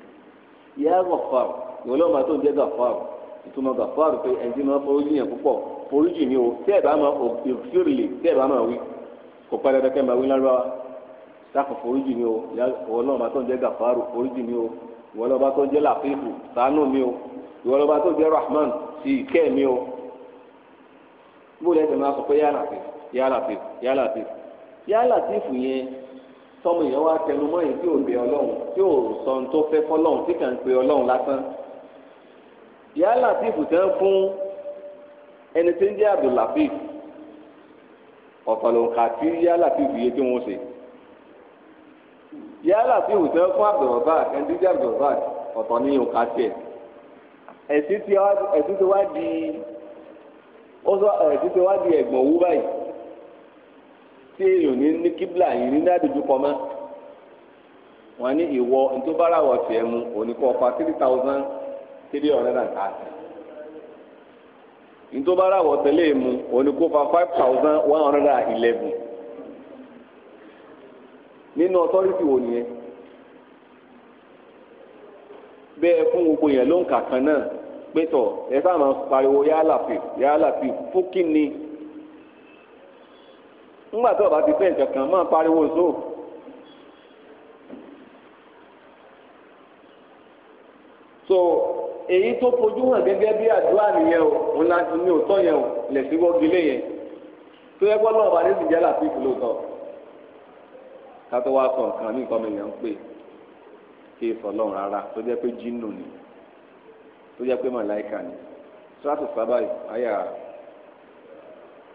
yá gàfàrù ìwọ lọ́wọ́ máa tó ń jẹ́ gàfàrù ìtumọ̀ gàfàrù pé ẹ̀ńtí máa foríjì yẹn púpọ̀ foríjì ni o tẹ́ ẹ̀ bá máa òfìrìlè tẹ́ ẹ̀ bá máa wí kò padà dẹ́kẹ́ máa wí lárúbá sáfù foríjì ni o ìwọ lọ́wọ́ máa tó ń jẹ́ gàfàrù foríjì ni o ìwọ lọ́wọ́ máa tó ń jẹ́ làfíìfù ṣàánú mi o ìwọ lọ́wọ́ máa tó ń jẹ́ rahman ti ìkẹ́ mi o bó lẹ́sẹ̀ máa sọ pé yá làfíìfù yá làfíìfù yá làfíìfù yá làfíìfù yẹn tọmọ èèyàn wá tẹnu mọ́ èyí tí ò bẹ ọlọ́run tí ò sọ ohun tó fẹ́ fọlọ́run tí kàn ń pe ọlọ́run lásán yálà tí ìbùtẹ́ ń fún ẹni tí ń jẹ́ abdullafif ọ̀pọ̀lọpọ̀ àti yálà tí ìbùyé tí wọ́n ṣe yálà tí ìbùtẹ́ fún abdulrabak ẹni tí ń jẹ́ abdulrabak ọ̀tọ̀ ní òǹkà tiẹ̀ ẹ̀sìn ti wá di ẹ̀sìn ti wá di ẹ̀gbọ̀n owó báyìí. tí èèyàn ní ní kíbla yìí ní dádùjú kọ mọ́ wọn ní ìwọ nítorí bára wọ̀ tiẹ̀ òní kọ́ ọ̀pá three thousand three hundred and thirty nítorí bára wọ̀ òní kó fa five thousand one hundred and eleven nínú ọtọ́rìtì wo nìyẹn bẹ́ẹ̀ fún gbogbo yẹn ló ń kà kan náà pé tọ̀ ẹ sáà máa pariwo yálà fi yálà fi fún kí ni. ńgbà tó o bá ti fẹ́ nǹkan máa pariwo sóò. so èyí tó fojú hàn gẹ́gẹ́ bí àdúrà nìyẹn o òun láti ní òótọ́ yẹn o lè sí wọ́gilé yẹn tó yẹ gbọ́dọ̀ ọba ní ìjẹ́ láti ìfúlò tọ̀ ká tó wá sọ nǹkan ní nǹkan mìíràn ń pè kí èso ọlọ́run rárá tó jẹ́ pé jínù ni tó jẹ́ pé màláìka ni sọ́tù sábà ayà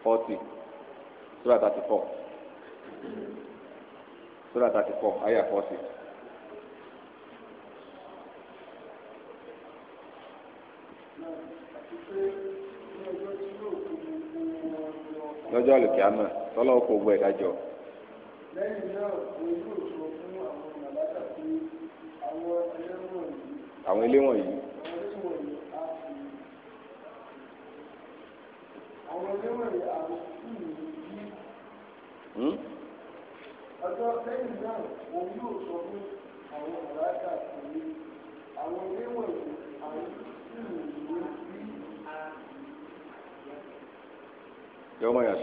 fọ́tì. sura 34 four sura thirty four lọ́jọ́ àlùkí lẹ́yìn náà òun yóò sọ fún àwọn màláíkà pé àwọn Hmm? ọjọ́ lẹ́yìn náà òun yóò sọ fún àwọn ọ̀rẹ́ta ìwé àwọn oníwọ̀n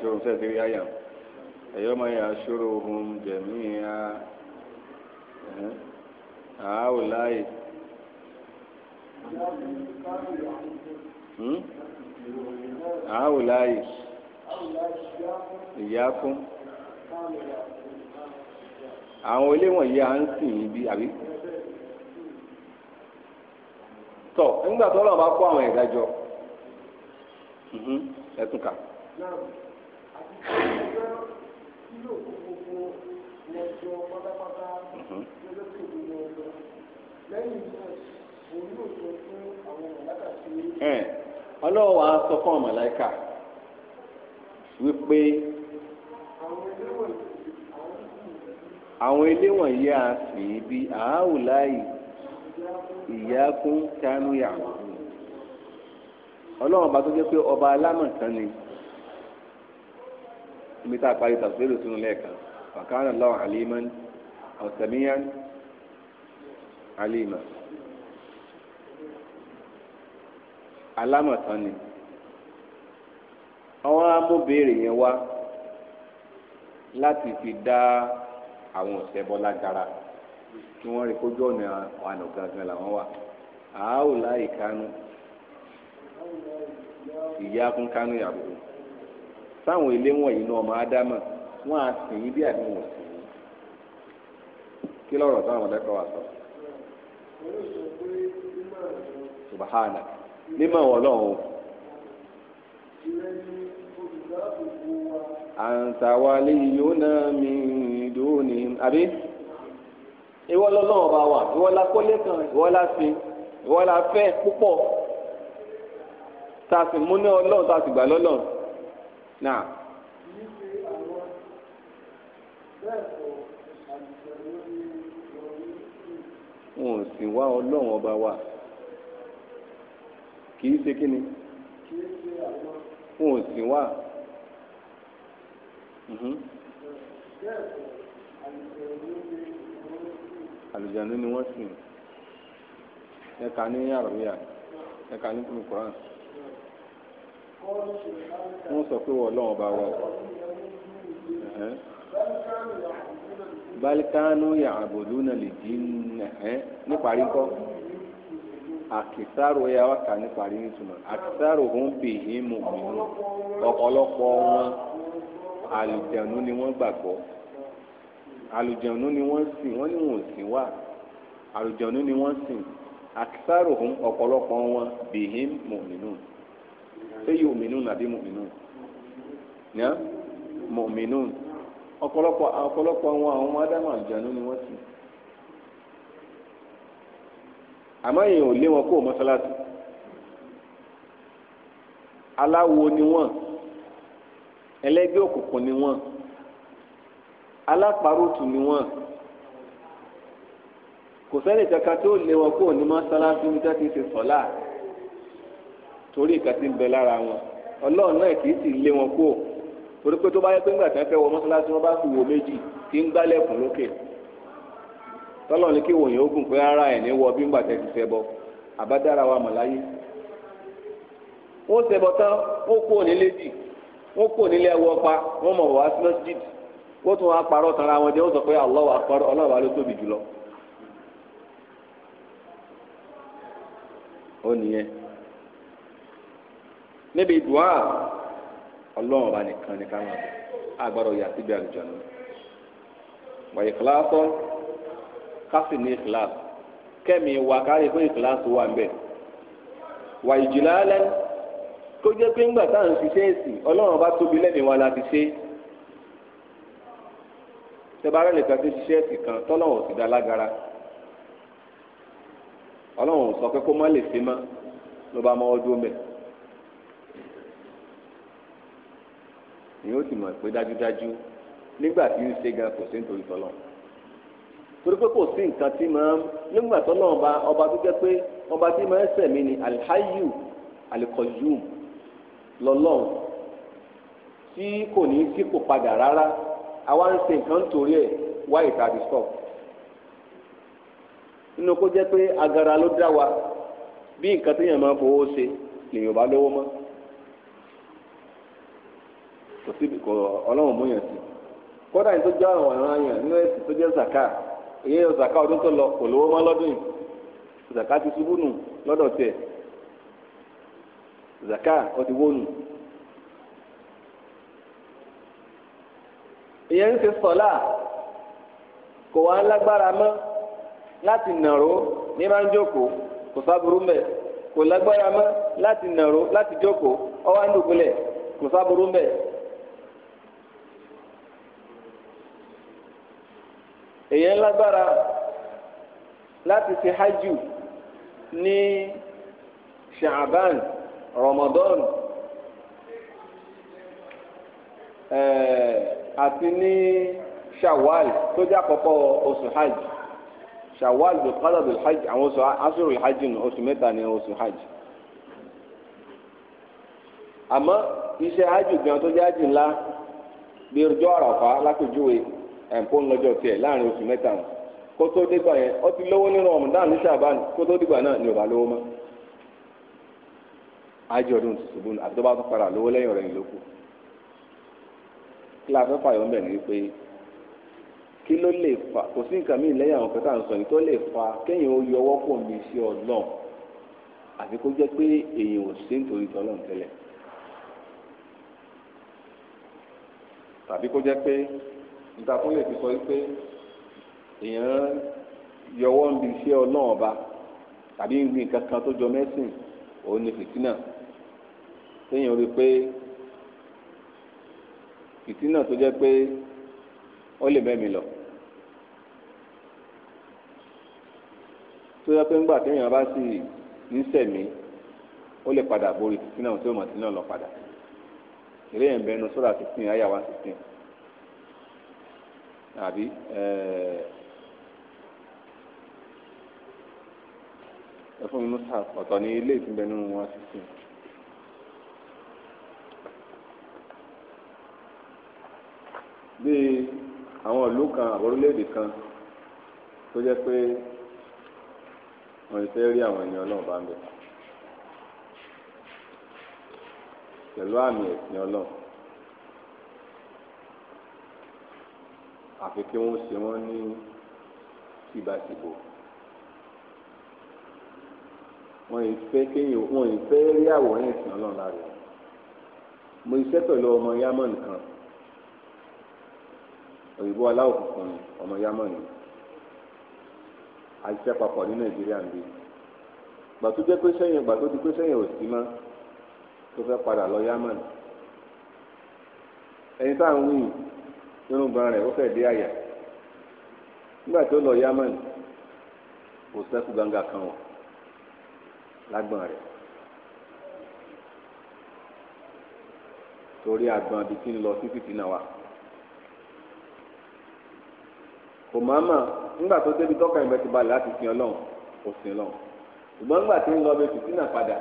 ohun sẹ́ẹ̀ tẹ́lẹ̀ yáyà ẹ̀yọ́mọ̀ yàtọ̀ ohun jẹ̀mí a àáwò àwọn ilé wọ̀nyí à ń sìn níbi àbí. tọ nígbà tó lọ́wọ́ bá kó àwọn ẹ̀dá jọ mhm, ẹ̀tún kà. Mhm. ọlọ́wọ́ á sọ fún ọmọ láìka wípé àwọn ilé wọ̀nyí a fi bí àáwùláyì ìyákún kánú yàgò ọlọ́run ọba tó jẹ́ pé ọba alámọ̀tán ni ibi tá a parí tàbílẹ̀ sínú lẹ́ẹ̀kan wàkàrà lọ́wọ́ àlímán ọ̀sẹ̀míyàn àlímà alámọ̀tán ni àwọn amóbèrè yẹn wá láti fi dá àwọn ọ̀sẹ̀bọ lágara kí wọ́n rí kójú ọ̀nà àná gangan làwọn wà àáwò láì kánú ìyá kún kánú ìyàwó sáwọn ilé wọ̀nyí náà ọmọ ádámà wọ́n á sìn yín bí àbí wọ́n sìn yín kí lọ́rọ̀ táwọn ọ̀dẹ́kọ̀ wà sọ. subahana mímọ̀ wọ́n lọ́hùn àǹtàwálé yóná mi dùnì àbí ìwọ lọ́lọ́run bá wà ìwọ la kọ́lé kan ìwọ la fi ìwọ la fẹ́ púpọ̀ tá a sì mú ní ọlọ́run tá a sì gbà lọ́lọ́run náà. wọn ò sì wá ọlọ́run ọba wa kì í ṣe kí ni wọn ò sì wá. àlùjáde mm-hmm. ni wọ́n sìn ẹ̀ka ní àròyà ẹ̀ka ní kùrán wọ́n sọ pé wọ́n lọ́wọ́ bá wà ó balikanu yaabudu na le di nẹhẹ níparí kọ àkìsàrò ya wà níparí àkìsàrò ń mọ̀ àlùjànnú ni wọ́n gbàgbọ́ àlùjànnú ni wọ́n sìn wọ́n ní sìn wá ni wọ́n sìn aksaruhum ọ̀pọ̀lọpọ̀ wọn bihim mu'minun Seyi yu'minun àbí mu'minun ní mu'minun ọ̀pọ̀lọpọ̀ ọ̀pọ̀lọpọ̀ wọn àwọn ọmọ ádámù ni wọ́n sìn ò lé wọn kó ni wọ́n. ẹlẹ́gbẹ́ òkùnkùn ni wọ́n alápàrọ̀tù ni wọ́n kò sẹ́ni kankan tó lé wọn kó ní mọ́sálásí ní tẹ́tí ṣe sọ́lá torí ìka ti ń bẹ lára wọn ọlọ́run náà kì í sì lé wọn kó torí pé tó bá yẹ pé ńgbà tí wọ́n fẹ́ wọ mọ́sálásí wọn bá fi wò méjì kí ń gbálẹ̀kùn lókè tọ́lọ́run ní kí wòyìn ogun pé ara ẹ̀ ní wọ bí ńgbà tẹ́ ti fẹ́ bọ́ àbádára wa mọ̀ láyé wọ́n ṣẹbọ tán ó kú òní léjì wọ́n kò nílé ẹwọ ọpa wọ́n mọ̀ wá sí masjid tún wọn jẹ wọ́n sọ pé tóbi jùlọ. ó nìyẹn níbi ọba nìkan ní káwọn agbára ni wàyí kó jẹ́ pé ńgbà tá à ń ṣiṣẹ́ ẹ̀sìn ọlọ́run bá tóbi lẹ́mìí wa la ti ṣe tẹ́bárẹ́ nìkan tó ṣiṣẹ́ ẹ̀sìn kan tọ́lọ́run sì dá lágara ọlọ́run sọ pé kó má lè ṣe mọ́ ló bá mọ́ ọdún mẹ́ ni ó sì mọ̀ pé dájúdájú nígbà tí ń ṣe gan kò sí nítorí tọ́lọ́run torí pé kò sí nǹkan tí máa ń nígbà tọ́lọ́run ọba tó jẹ́ pé ọba tí máa ń sẹ̀mí ni alhayu alikọyum lọ́lọ́run tí kò ní sípò padà rárá àwa ń ṣe nǹkan torí ẹ wá ìtàdí stop nínú kó pé agara ló dá wa bí nǹkan téèyàn máa fowó ṣe lèèyàn bá lówó mọ́ kò síbi kò ọlọ́run mú yàn sí kódà ní tó àwọn zaka èyí zaka ọdún tó lọ kò lówó lọ́dún yìí zaka ti ṣubú nù zaka ọtí wónù ìyẹn ń ṣe sọlá kò wá lágbára mọ́ láti nàró ní máa ń jókòó kò sábúrú mbẹ kò lágbára mọ́ láti nàró láti jókòó ọwọ́ àdúgbòlẹ̀ kò sábúrú mbẹ. èyàn lágbára láti ṣe hajj ní ṣàbán Ramadan eh, àti ní Shawwal tó jẹ́ àkọ́kọ́ oṣù hajj Shawwal bi qadar bil hajj àwọn oṣù asúrò hajj nù oṣù mẹ́ta ní oṣù hajj àmọ́ iṣẹ́ hajj gan tó jẹ́ hajj ńlá bí ọjọ́ àràfà lápèjúwe ẹ̀ǹpọ̀ ńlọ́jọ́ tiẹ̀ láàrin oṣù mẹ́ta kó tó dégbà yẹn ó ti lówó nínú Ramadan ní kó tó dégbà náà ní ajọdun tùtùbùn àti tó bá tún padà lówó lẹ́yìn ọ̀rẹ́ yìí lókù kí la fẹ́ fàyọ̀ ńbẹ̀ ni pé kí ló lè fa kò sí nǹkan míì lẹ́yìn àwọn kẹta ń sọ yìí tó lè fa kéèyàn ó yọ ọwọ́ pò mí sí ọlọ́run àfi kó jẹ́ pé èèyàn ò sí nítorí tọ́lọ́run tẹ́lẹ̀ tàbí kó jẹ́ pé níta tó lè fi sọ pé èèyàn yọwọ́ ń bi iṣẹ́ tàbí nǹkan kan tó jọ mẹ́sìn òun ni fìtínà téèyàn rí i pé fìtínà tó jẹ́ pé ó lè bẹ́ẹ̀ mi lọ. tó yẹ pé ńgbà téèyàn bá sì ń sẹ̀mí ó lè padà borí fìtínà tí ó mọ̀ sí náà lọ padà. eré yẹn bẹnu sọ́dà sixteen àyà one sixteen àbí ẹ fún mi mú sáà ọ̀tọ̀ ní ilé ìtúbẹ̀nú one sixteen. bíi àwọn ìlú kan àwọn orílẹ̀-èdè kan tó jẹ́ pé wọ́n ti fẹ́ rí àwọn ẹni ọlọ́run bá ń bẹ̀ pẹ̀lú àmì ẹ̀sìn ọlọ́run àfi kí wọ́n ṣe wọ́n ní tìbàtìbò wọ́n yìí fẹ́ kéèyàn wọ́n yìí fẹ́ rí àwòrán ẹ̀sìn ọlọ́run lára wọn mo iṣẹ́ pẹ̀lú ọmọ yámọ̀ nìkan. òyìnbó aláwọ̀ funfun ni ọmọ yámọ̀ ni àṣìṣe papọ̀ ní nàìjíríà ń bí gbà tó jẹ́ pé sẹ́yìn gbà tó tó fẹ́ padà lọ yámọ̀ ni ẹni tá à ń wí nínú gan rẹ̀ ó fẹ́ dé àyà nígbà kan wọ̀ rẹ̀ torí lọ náà kò máa mà nígbà tó débi tọ́ka ìgbà ti balẹ̀ láti fi ọlọ́run kò sí ọlọ́run ṣùgbọ́n nígbà tí ń lọ bẹ fìtínà padà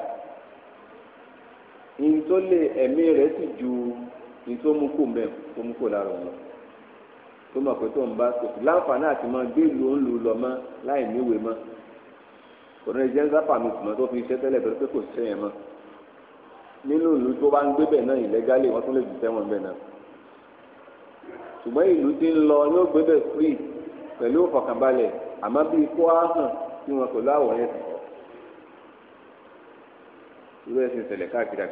ní tó lé ẹ̀mí rẹ̀ sì ju ní tó mú kó mẹ́ tó mú kó lára òun lọ tó mọ̀ pé tó ń bá kò sí láǹfààní àti máa gbé ìlú ń lu lọ mọ́ láì níwèé mọ́ kò ní jẹ́ zápà mi tùmọ̀ tó fi iṣẹ́ tẹ́lẹ̀ bẹ́ẹ̀ pé kò ṣiṣẹ́ yẹn mọ́ nínú ìlú tó bá ń gbé bẹ̀ náà ìlẹ́gálẹ̀ wọ́n tún lè jù sẹ́wọ̀n bẹ̀ náà ṣùgbọ́n ìlú ti ń lọ yóò gbé bẹ̀ free pẹ̀lú ìfọ̀kànbalẹ̀ àmọ́ bíi kó á hàn sí wọn pẹ̀lú àwọ̀ yẹn irú ẹ̀sìn ìṣẹ̀lẹ̀ káàkiri àti